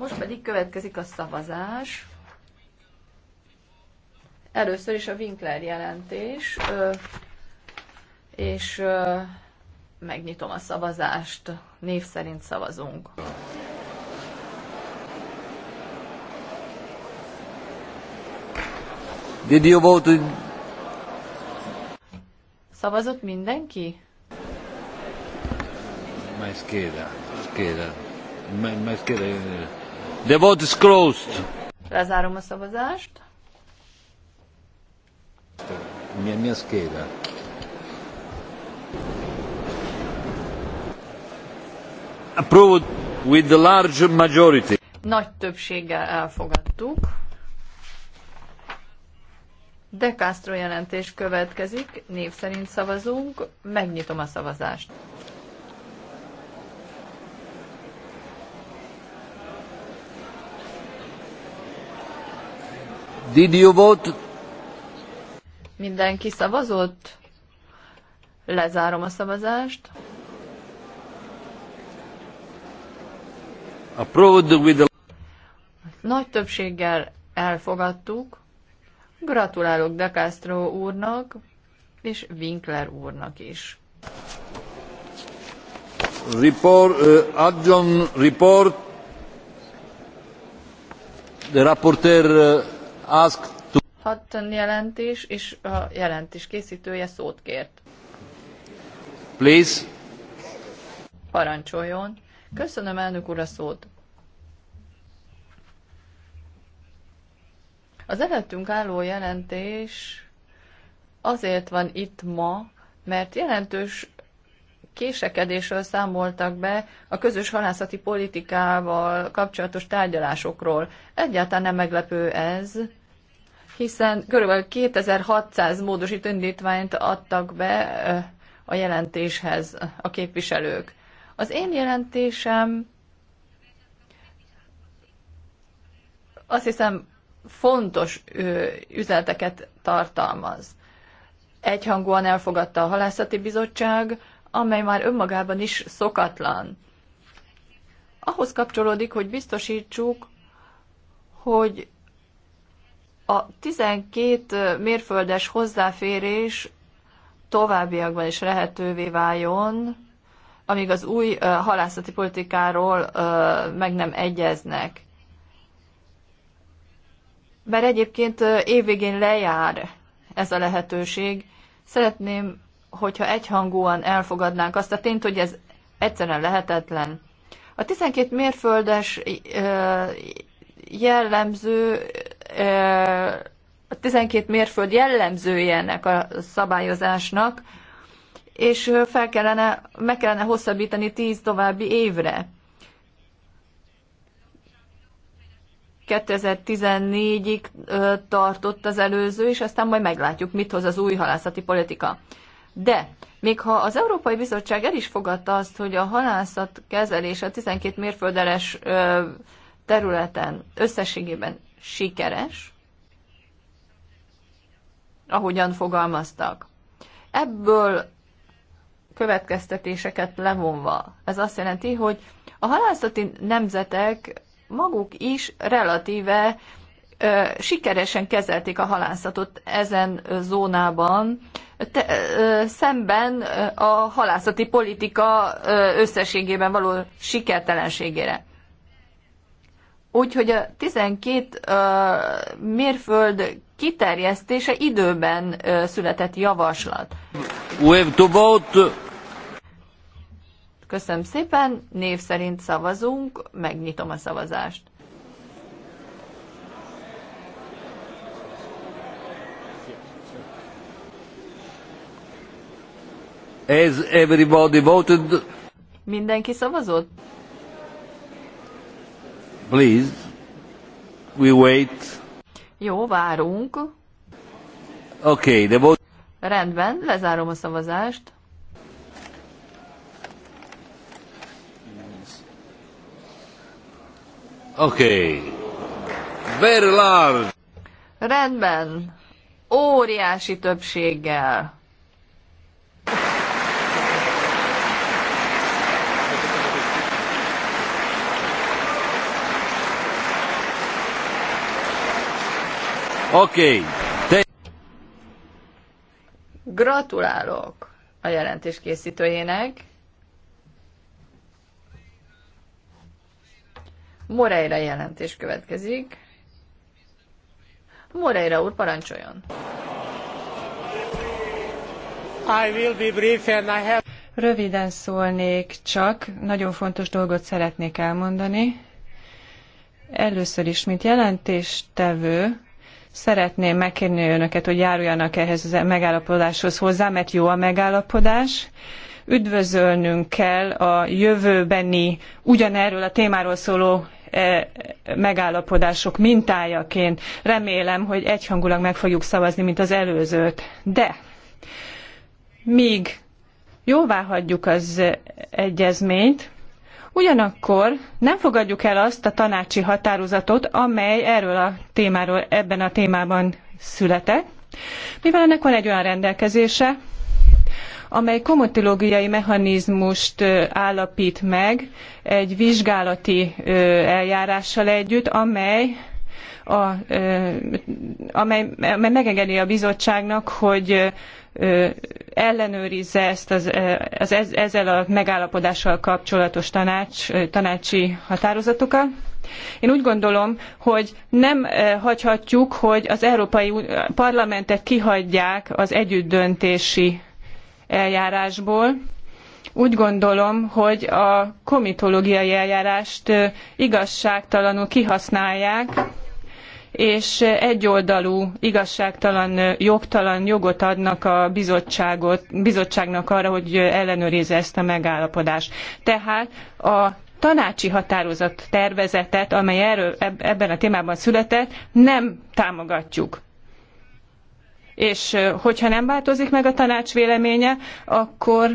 Most pedig következik a szavazás. Először is a Winkler jelentés, és megnyitom a szavazást. Név szerint szavazunk. Did you vote? Szavazott mindenki? Ma scheda, scheda, ma scheda. The vote is closed. Lezárom a szavazást. Mi mi a Approved with the large majority. Nagy többséggel elfogadtuk. De Castro jelentés következik, név szerint szavazunk, megnyitom a szavazást. Did you vote? Mindenki szavazott? Lezárom a szavazást. Approved with Nagy többséggel elfogadtuk. Gratulálok De Castro úrnak és Winkler úrnak is. Report, uh, adjon report. The rapporteur uh, to... Hatton jelentés, és a jelentés készítője szót kért. Please. Parancsoljon. Köszönöm, elnök úr, a szót. Az előttünk álló jelentés azért van itt ma, mert jelentős késekedésről számoltak be a közös halászati politikával kapcsolatos tárgyalásokról. Egyáltalán nem meglepő ez, hiszen körülbelül 2600 módosító indítványt adtak be a jelentéshez a képviselők. Az én jelentésem azt hiszem fontos üzeneteket tartalmaz. Egyhangúan elfogadta a halászati bizottság, amely már önmagában is szokatlan. Ahhoz kapcsolódik, hogy biztosítsuk, hogy a 12 mérföldes hozzáférés továbbiakban is lehetővé váljon, amíg az új halászati politikáról meg nem egyeznek. Mert egyébként évvégén lejár ez a lehetőség. Szeretném, hogyha egyhangúan elfogadnánk azt a tényt, hogy ez egyszerűen lehetetlen. A 12 mérföldes jellemző a 12 mérföld jellemzője ennek a szabályozásnak, és fel kellene, meg kellene hosszabbítani 10 további évre. 2014-ig tartott az előző, és aztán majd meglátjuk, mit hoz az új halászati politika. De még ha az Európai Bizottság el is fogadta azt, hogy a halászat kezelése a 12 mérföldeles területen összességében sikeres, ahogyan fogalmaztak. Ebből következtetéseket levonva. Ez azt jelenti, hogy a halászati nemzetek maguk is relatíve ö, sikeresen kezelték a halászatot ezen zónában, te, ö, szemben a halászati politika ö, összességében való sikertelenségére. Úgyhogy a 12 uh, mérföld kiterjesztése időben uh, született javaslat. Köszönöm szépen, név szerint szavazunk, megnyitom a szavazást. Is everybody voted? Mindenki szavazott? Please, we wait. Jó, várunk. Okay, the vote. Rendben, lezárom a szavazást. Okay. Very large. Rendben. Óriási többséggel. Oké. Okay. Gratulálok a jelentés készítőjének. Moreira jelentés következik. Moreira úr, parancsoljon. I will be brief and I have... Röviden szólnék csak, nagyon fontos dolgot szeretnék elmondani. Először is, mint jelentéstevő, Szeretném megkérni önöket, hogy járuljanak ehhez a megállapodáshoz hozzá, mert jó a megállapodás. Üdvözölnünk kell a jövőbeni ugyanerről a témáról szóló e, megállapodások mintájaként. Remélem, hogy egyhangulag meg fogjuk szavazni, mint az előzőt. De míg jóváhagyjuk az egyezményt, Ugyanakkor nem fogadjuk el azt a tanácsi határozatot, amely erről a témáról ebben a témában született, mivel ennek van egy olyan rendelkezése, amely komotilógiai mechanizmust állapít meg egy vizsgálati eljárással együtt, amely a, amely, amely megengedi a bizottságnak, hogy ellenőrizze ezt az, az ezzel a megállapodással kapcsolatos tanács, tanácsi határozatokat. Én úgy gondolom, hogy nem hagyhatjuk, hogy az Európai Parlamentet kihagyják az együttdöntési eljárásból. Úgy gondolom, hogy a komitológiai eljárást igazságtalanul kihasználják, és egyoldalú, igazságtalan, jogtalan jogot adnak a bizottságot, bizottságnak arra, hogy ellenőrizze ezt a megállapodást. Tehát a tanácsi határozat tervezetet, amely erről, ebben a témában született, nem támogatjuk és hogyha nem változik meg a tanács véleménye, akkor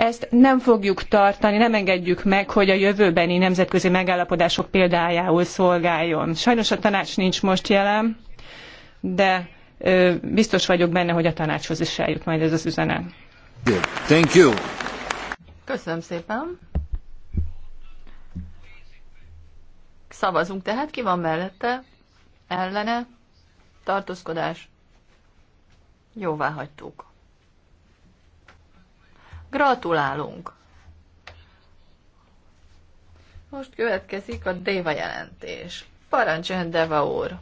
ezt nem fogjuk tartani, nem engedjük meg, hogy a jövőbeni nemzetközi megállapodások példájául szolgáljon. Sajnos a tanács nincs most jelen, de biztos vagyok benne, hogy a tanácshoz is eljut majd ez az üzenet. Thank you. Köszönöm szépen. Szavazunk tehát, ki van mellette, ellene, tartózkodás, jóvá hagytuk. Gratulálunk! Most következik a Déva jelentés. Parancsoljon Deva úr!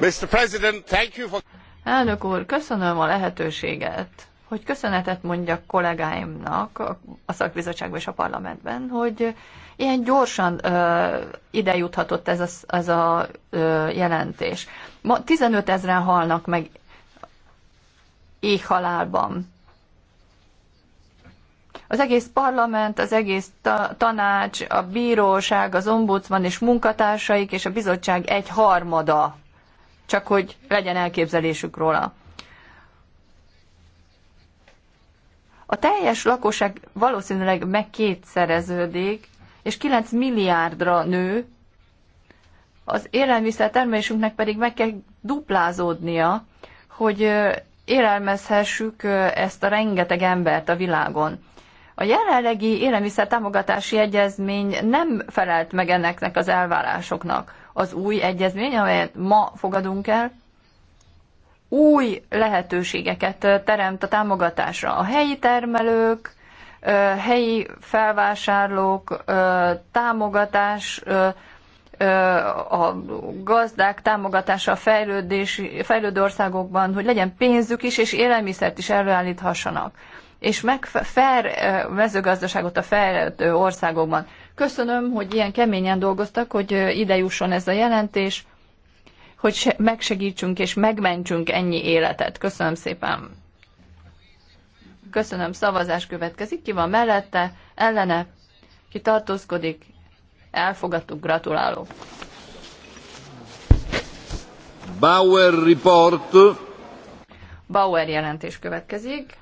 Mr. President, thank you for... Elnök úr, köszönöm a lehetőséget, hogy köszönetet mondjak kollégáimnak a szakbizottságban és a parlamentben, hogy ilyen gyorsan ö, ide juthatott ez a, ez a ö, jelentés. Ma 15 ezeren halnak meg éhhalálban. Az egész parlament, az egész tanács, a bíróság, az ombudsman és munkatársaik és a bizottság egy harmada, csak hogy legyen elképzelésük róla. A teljes lakosság valószínűleg megkétszereződik, és 9 milliárdra nő, az élelmiszer termelésünknek pedig meg kell duplázódnia, hogy élelmezhessük ezt a rengeteg embert a világon. A jelenlegi élelmiszer támogatási egyezmény nem felelt meg enneknek az elvárásoknak. Az új egyezmény, amelyet ma fogadunk el, új lehetőségeket teremt a támogatásra. A helyi termelők, helyi felvásárlók, támogatás a gazdák támogatása a fejlődés, fejlődő országokban, hogy legyen pénzük is, és élelmiszert is előállíthassanak. És meg fair mezőgazdaságot a fejlődő országokban. Köszönöm, hogy ilyen keményen dolgoztak, hogy ide jusson ez a jelentés, hogy megsegítsünk és megmentsünk ennyi életet. Köszönöm szépen. Köszönöm, szavazás következik. Ki van mellette, ellene, ki tartózkodik, Elfogadtuk, gratulálok. Bauer report. Bauer jelentés következik.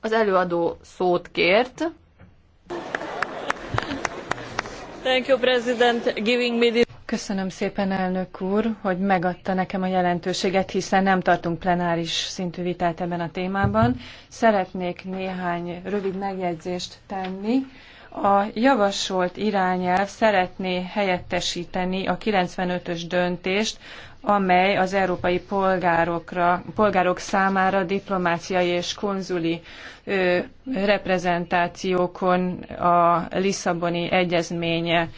Az előadó szót kért. Thank you, President, giving me this. Köszönöm szépen, elnök úr, hogy megadta nekem a jelentőséget, hiszen nem tartunk plenáris szintű vitát ebben a témában. Szeretnék néhány rövid megjegyzést tenni a javasolt irányelv szeretné helyettesíteni a 95-ös döntést, amely az európai polgárokra, polgárok számára diplomáciai és konzuli ö, reprezentációkon a Lisszaboni egyezménye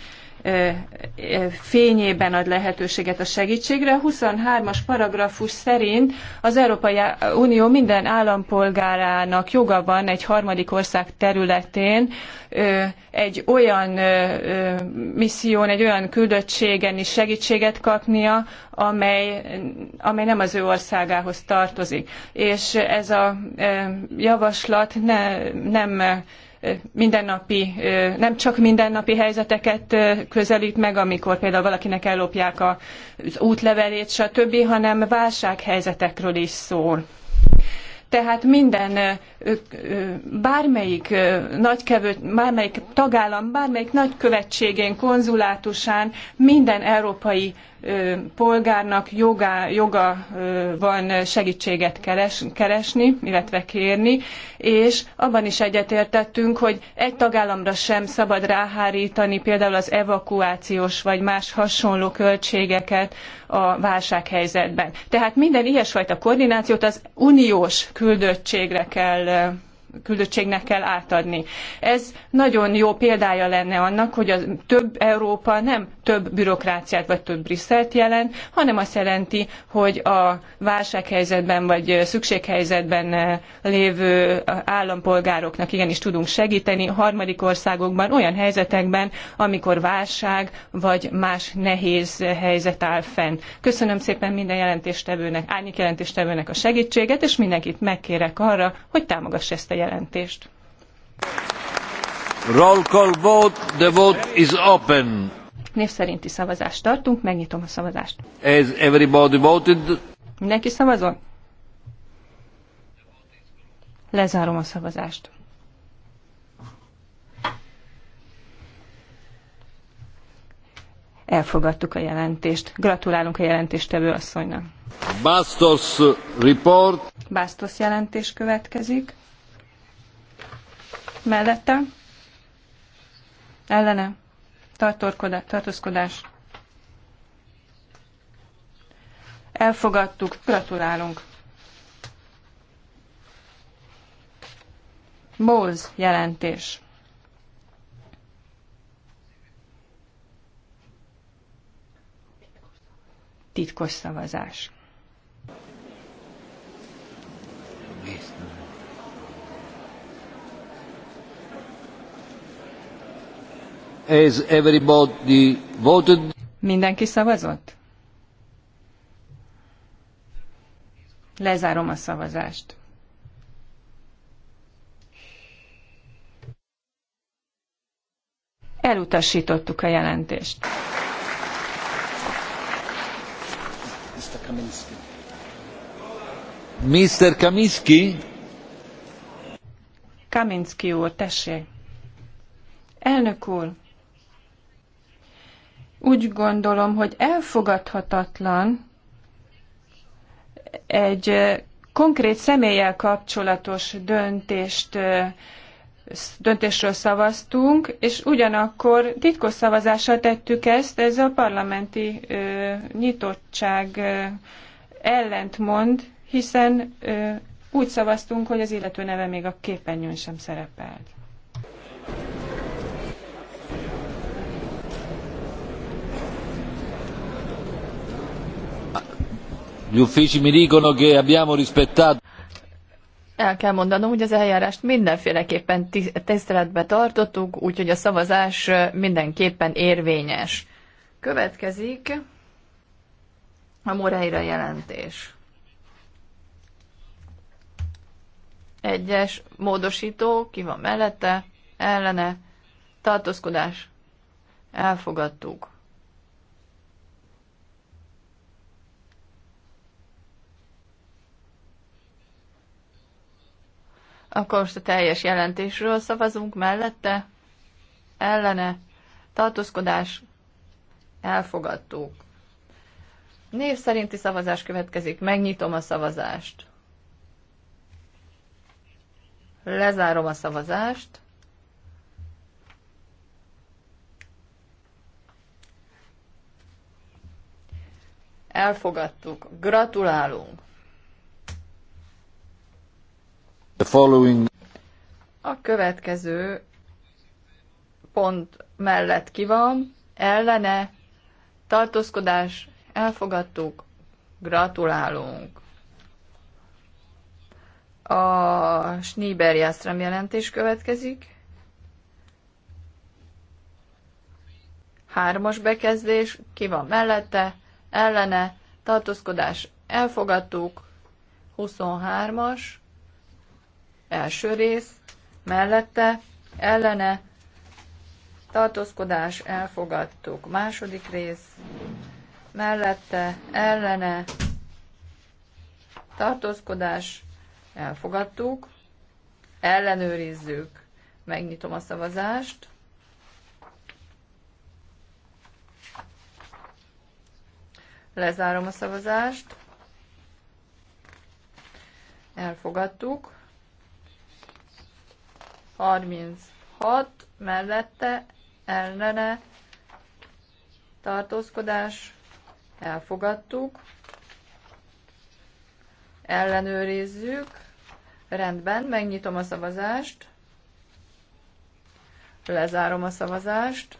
fényében ad lehetőséget a segítségre. 23-as paragrafus szerint az Európai Unió minden állampolgárának joga van egy harmadik ország területén egy olyan misszión, egy olyan küldöttségen is segítséget kapnia, amely, amely nem az ő országához tartozik. És ez a javaslat ne, nem mindennapi, nem csak mindennapi helyzeteket közelít meg, amikor például valakinek ellopják az útlevelét, stb., hanem válsághelyzetekről is szól. Tehát minden, bármelyik, nagykevő, bármelyik tagállam, bármelyik nagykövetségén, konzulátusán minden európai polgárnak joga van segítséget keres, keresni, illetve kérni, és abban is egyetértettünk, hogy egy tagállamra sem szabad ráhárítani például az evakuációs vagy más hasonló költségeket a válsághelyzetben. Tehát minden ilyesfajta koordinációt az uniós küldöttségre kell küldöttségnek kell átadni. Ez nagyon jó példája lenne annak, hogy a több Európa nem több bürokráciát vagy több Brüsszelt jelent, hanem azt jelenti, hogy a válsághelyzetben vagy szükséghelyzetben eh, lévő eh, állampolgároknak igenis tudunk segíteni harmadik országokban, olyan helyzetekben, amikor válság vagy más nehéz helyzet áll fenn. Köszönöm szépen minden jelentéstevőnek, árnyék jelentéstevőnek a segítséget, és mindenkit megkérek arra, hogy támogassa ezt a jelentést jelentést. Roll call vote, the vote is open. Név szerinti szavazást tartunk, megnyitom a szavazást. Has everybody voted? Mindenki szavazol? Lezárom a szavazást. Elfogadtuk a jelentést. Gratulálunk a jelentéstevő asszonynak. Bastos report. Bastos jelentés következik mellette, ellene, tartózkodás. Elfogadtuk, gratulálunk. Bóz jelentés. Titkos szavazás. Mész, Has everybody voted? Mindenki szavazott? Lezárom a szavazást. Elutasítottuk a jelentést. Mr. Kaminski. Mr. Kaminski? Kaminski úr, tessék. Elnök úr, úgy gondolom, hogy elfogadhatatlan egy konkrét személlyel kapcsolatos döntést döntésről szavaztunk, és ugyanakkor titkos szavazással tettük ezt, ez a parlamenti ö, nyitottság ö, ellentmond, hiszen ö, úgy szavaztunk, hogy az illető neve még a képernyőn sem szerepelt. El kell mondanom, hogy az eljárást mindenféleképpen tiszteletbe tartottuk, úgyhogy a szavazás mindenképpen érvényes. Következik a Moreira jelentés. Egyes módosító, ki van mellette, ellene, tartózkodás, elfogadtuk. Akkor most a teljes jelentésről szavazunk mellette, ellene, tartózkodás, elfogadtuk. Név szerinti szavazás következik, megnyitom a szavazást. Lezárom a szavazást. Elfogadtuk. Gratulálunk! following... A következő pont mellett ki van, ellene, tartózkodás, elfogadtuk, gratulálunk. A Schneeber-Jastram jelentés következik. Hármas bekezdés, ki van mellette, ellene, tartózkodás, elfogadtuk, 23-as, Első rész, mellette, ellene, tartózkodás, elfogadtuk. Második rész, mellette, ellene, tartózkodás, elfogadtuk. Ellenőrizzük. Megnyitom a szavazást. Lezárom a szavazást. Elfogadtuk. 36 mellette ellene tartózkodás elfogadtuk, ellenőrizzük, rendben, megnyitom a szavazást, lezárom a szavazást,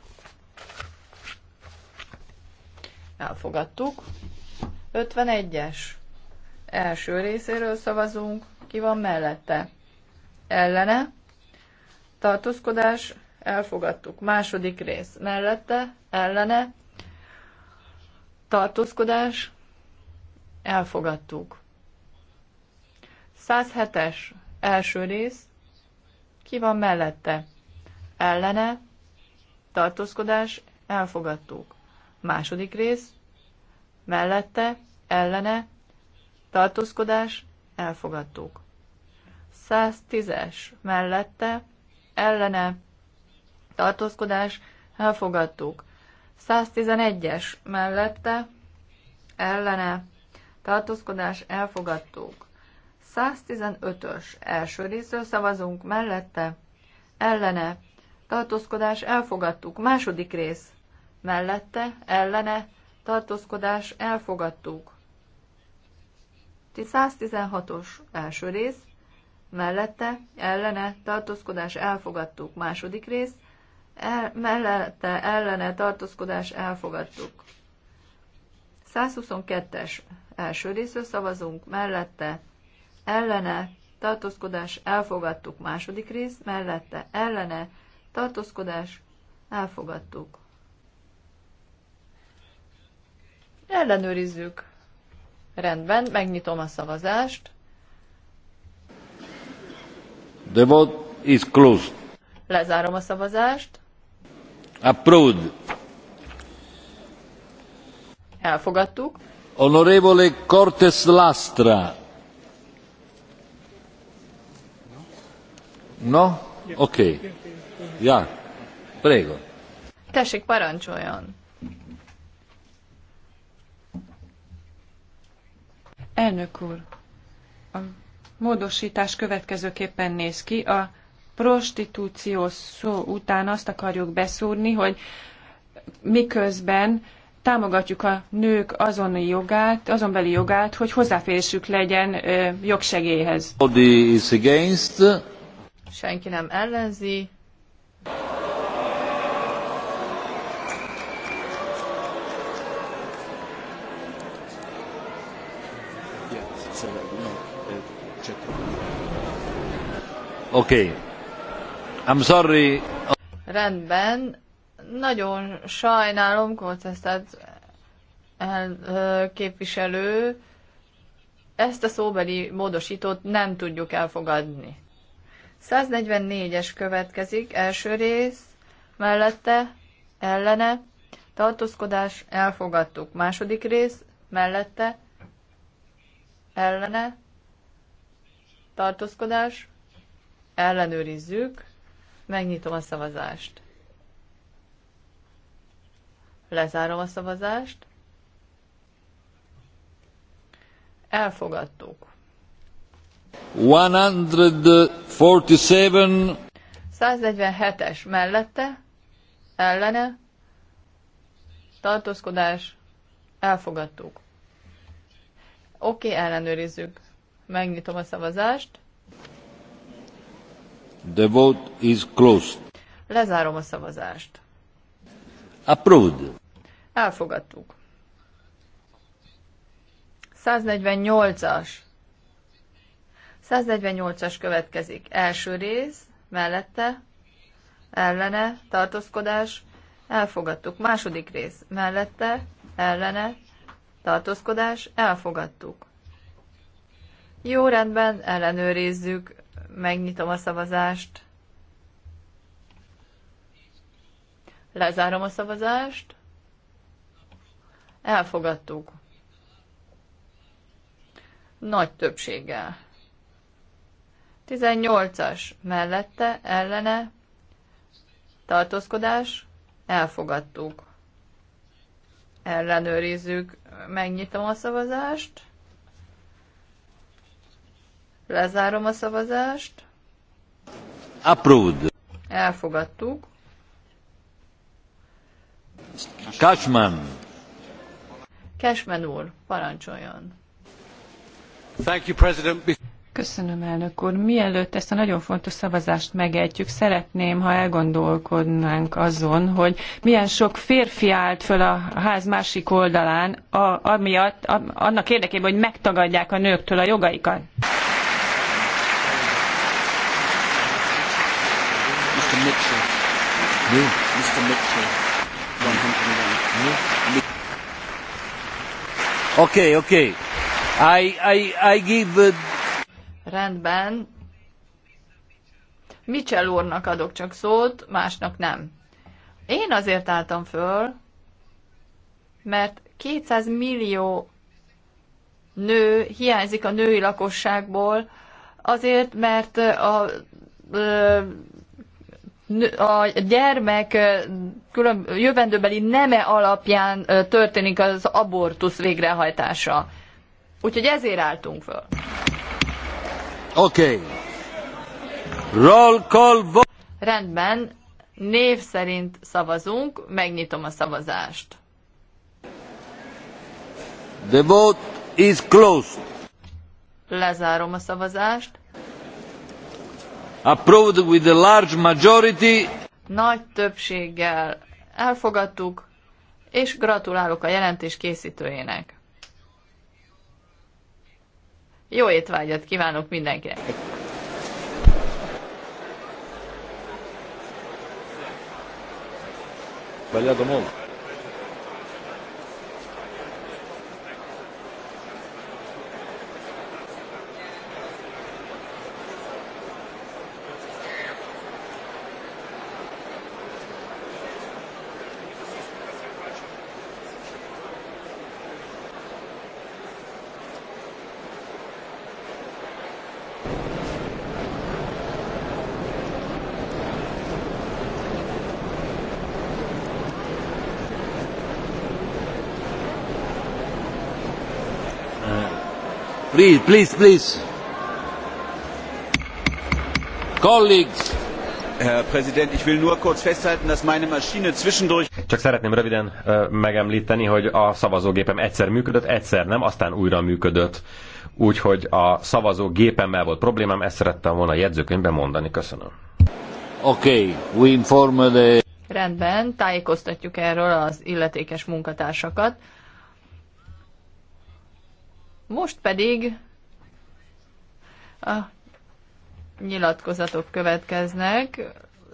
elfogadtuk, 51-es, első részéről szavazunk, ki van mellette, ellene, tartózkodás, elfogadtuk. Második rész mellette, ellene, tartózkodás, elfogadtuk. 107-es első rész, ki van mellette, ellene, tartózkodás, elfogadtuk. Második rész, mellette, ellene, tartózkodás, elfogadtuk. 110-es mellette, ellene tartózkodás elfogadtuk. 111-es mellette ellene tartózkodás elfogadtuk. 115-ös első részről szavazunk mellette ellene tartózkodás elfogadtuk. Második rész mellette ellene tartózkodás elfogadtuk. 116-os első rész mellette, ellene, tartózkodás elfogadtuk. Második rész, el, mellette, ellene, tartózkodás elfogadtuk. 122-es első részről szavazunk, mellette, ellene, tartózkodás elfogadtuk. Második rész, mellette, ellene, tartózkodás elfogadtuk. Ellenőrizzük. Rendben, megnyitom a szavazást. The vote is closed. Lezárom a szavazást. Approved. Elfogadtuk. Honorevole Cortes Lastra. No? Oké. Okay. Ja. Prego. Tessék, parancsoljon. Elnök úr, a módosítás következőképpen néz ki. A prostitúció szó után azt akarjuk beszúrni, hogy miközben támogatjuk a nők azon jogát, azonbeli jogát, hogy hozzáférésük legyen jogsegélyhez. Senki nem ellenzi, Oké. Okay. I'm sorry. Rendben. Nagyon sajnálom, kontesztát képviselő, ezt a szóbeli módosítót nem tudjuk elfogadni. 144-es következik, első rész, mellette, ellene, tartózkodás, elfogadtuk. Második rész, mellette, ellene, tartózkodás, ellenőrizzük, megnyitom a szavazást. Lezárom a szavazást. Elfogadtuk. 147. 147-es mellette, ellene, tartózkodás, elfogadtuk. Oké, okay, ellenőrizzük. Megnyitom a szavazást. The vote is closed. Lezárom a szavazást. Approved. Elfogadtuk. 148-as. 148-as következik. Első rész, mellette, ellene, tartózkodás, elfogadtuk. Második rész, mellette, ellene, tartózkodás, elfogadtuk. Jó rendben, ellenőrizzük megnyitom a szavazást, lezárom a szavazást, elfogadtuk. Nagy többséggel. 18-as mellette, ellene, tartózkodás, elfogadtuk. Ellenőrizzük, megnyitom a szavazást. Lezárom a szavazást. Approved. Elfogadtuk. Cashman. Cashman úr, parancsoljon. Thank you, President. Köszönöm, elnök úr. Mielőtt ezt a nagyon fontos szavazást megejtjük, szeretném, ha elgondolkodnánk azon, hogy milyen sok férfi állt föl a ház másik oldalán, a, amiatt, a, annak érdekében, hogy megtagadják a nőktől a jogaikat. No. Mr. Mitchell, 101. Okay, okay. I, I, I give... Uh, Rendben. Mitchell úrnak adok csak szót, másnak nem. Én azért álltam föl, mert 200 millió nő hiányzik a női lakosságból, azért, mert a a gyermek külön, jövendőbeli neme alapján történik az abortusz végrehajtása. Úgyhogy ezért álltunk föl. Oké. Okay. Roll call Rendben, név szerint szavazunk, megnyitom a szavazást. The vote is closed. Lezárom a szavazást approved with a large majority. Nagy többséggel elfogadtuk, és gratulálok a jelentés készítőjének. Jó étvágyat kívánok mindenkinek! Sbagliato molto. Please, please, please. Colleagues. Herr Präsident, ich will nur kurz festhalten, dass meine Maschine zwischendurch... Csak szeretném röviden ö, megemlíteni, hogy a szavazógépem egyszer működött, egyszer nem, aztán újra működött. Úgyhogy a szavazógépemmel volt problémám, ezt szerettem volna a jegyzőkönyvben mondani. Köszönöm. Okay, we inform the... Rendben, tájékoztatjuk erről az illetékes munkatársakat. Most pedig a nyilatkozatok következnek.